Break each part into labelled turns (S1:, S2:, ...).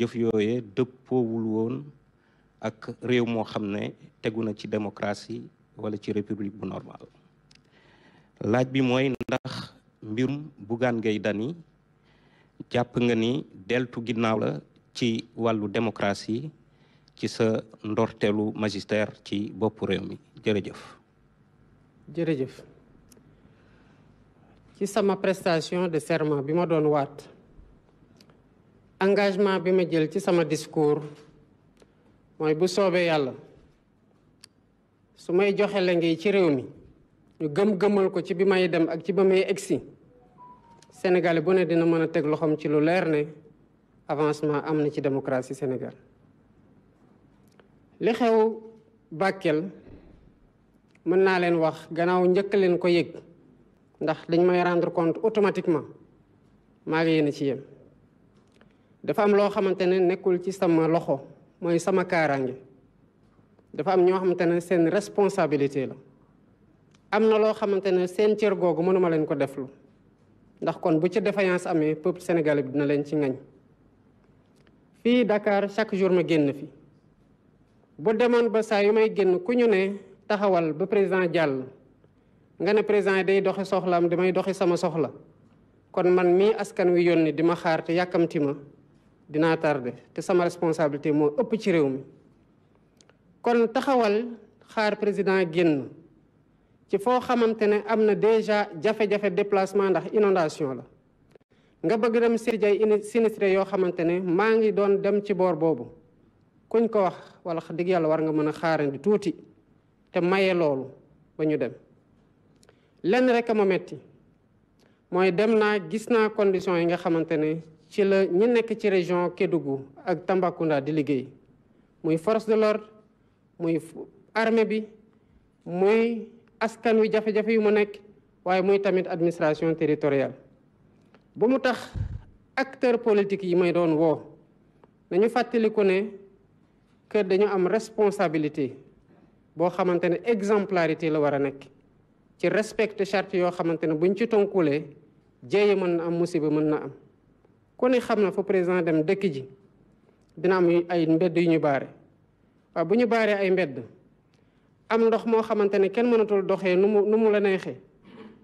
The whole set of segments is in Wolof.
S1: jëf yooye dëppoowul woon ak réew moo xam ne tegu na ci démocratie wala ci république bu normal laaj bi mooy ndax mbirum Bougane Gueye Dany jàpp nga ni deltu ginnaaw la ci wàllu démocratie ci sa ndorteelu magistère ci bopp réew mi jërëjëf
S2: jërëjëf ci sama prestation de serment bi ma doon waat engagement bi ma jël ci sama discours mooy bu soobee yàlla su may joxe la ngi ci réew mi ñu gëm-gëmal ko ci bi may dem ak ci ba may egsi Sénégal bu ne dina mën a teg loxoom ci lu leer ne avancement am na ci démocratie Sénégal li xew Bakel mën naa leen wax gannaaw njëkk leen ko yëg ndax dañ may rendre compte automatiquement maa ngi yéen ci yem dafa am loo xamante ne nekkul ci sama loxo mooy sama kaaraange dafa am ñoo xamante ne seen responsabilité la am na loo xamante ne seen cër googu mënuma leen ko deflu ndax kon bu ci défaillance amee peuple sénégalais bi dina leen ci ngañ fii Dakar chaque jour ma génn fi bu demoon ba saa yu may génn ku ñu ne taxawal ba président jàll nga ne président yi day doxi soxlaam damay doxi sama soxla kon man mii askan wi yónni di ma xaar te yàkkamti ma dinaa tardé te sama responsabilité moo ëpp ci réew mi kon taxawal xaar président génn ci foo xamante ne am na déjà jafe-jafe déplacement ndax inondation la nga bëgg dem seeti ay sinistré yoo xamante ne maa ngi doon dem ci boor boobu kuñ ko wax wala dëgg yàlla war nga mën a xaarandi tuuti te maye loolu ba ñu dem lenn rek a ma metti mooy dem naa gis naa condition yi nga xamante ne ci la ñi nekk ci région gu ak Tambacounda di liggéey muy force de l'ordre muy armée bi muy askan wi jafe-jafe yu mu nekk waaye muy tamit administration territoriale bu mu tax acteur politique yi may doon woo nañu fàttaliku ne kër dañu am responsabilité boo xamante ne exemplarité la war a nekk ci respecte charte yoo xamante ne buñ ci tonkulee jéeye mën na am musiba mën na am ku ne xam na fu président dem dëkk ji dina am ay mbedd yu ñu baare waaw bu ñu baaree ay mbedd am ndox moo xamante ne kenn mënatul doxee nu mu nu mu la neexee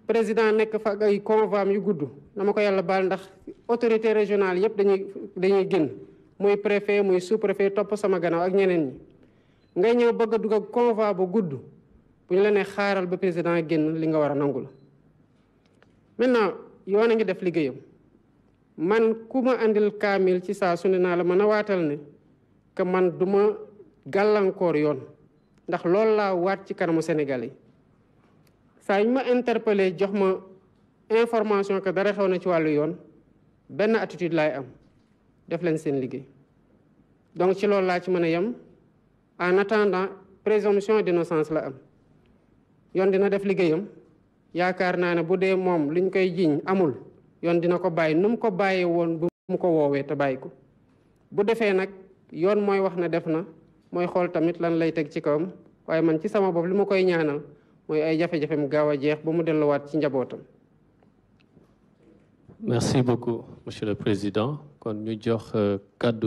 S2: président nekk fa ay convois yu gudd na ma ko yàlla baal ndax autorité régionale yëpp dañuy dañuy génn muy préfet muy sous préfet topp sama ganaaw ak ñeneen ñi ngay ñëw bëgg a dugg ak bu gudd bu ñu la nee xaaral ba président génn li nga war a nangu la maintenant yoon a ngi def liggéeyam man ku ma indil kaamil ci saa su naa la mën a waatal ne que man du ma gàllankoor yoon ndax loolu laa waat ci kanamu Sénégal yi saa ñu ma interpellé jox ma information que dara xew na ci wàllu yoon benn attitude laay am def leen seen liggéey donc ci loolu laa ci mën a yem en attendant présomption d'innocence la am yoon dina def liggéeyam yaakaar naa ne bu dee moom liñ koy jiiñ amul yoon dina ko bàyyi nu mu ko bàyyee woon bu mu ko woowee te bàyyi ko bu defee nag yoon mooy wax ne def na mooy xool tamit lan lay teg ci kawam waaye man ci sama bopp li ma koy ñaanal mooy ay jafe-jafem gaaw a jeex ba mu delluwaat ci njabootam. merci beaucoup monsieur le président kon ñu jox euh,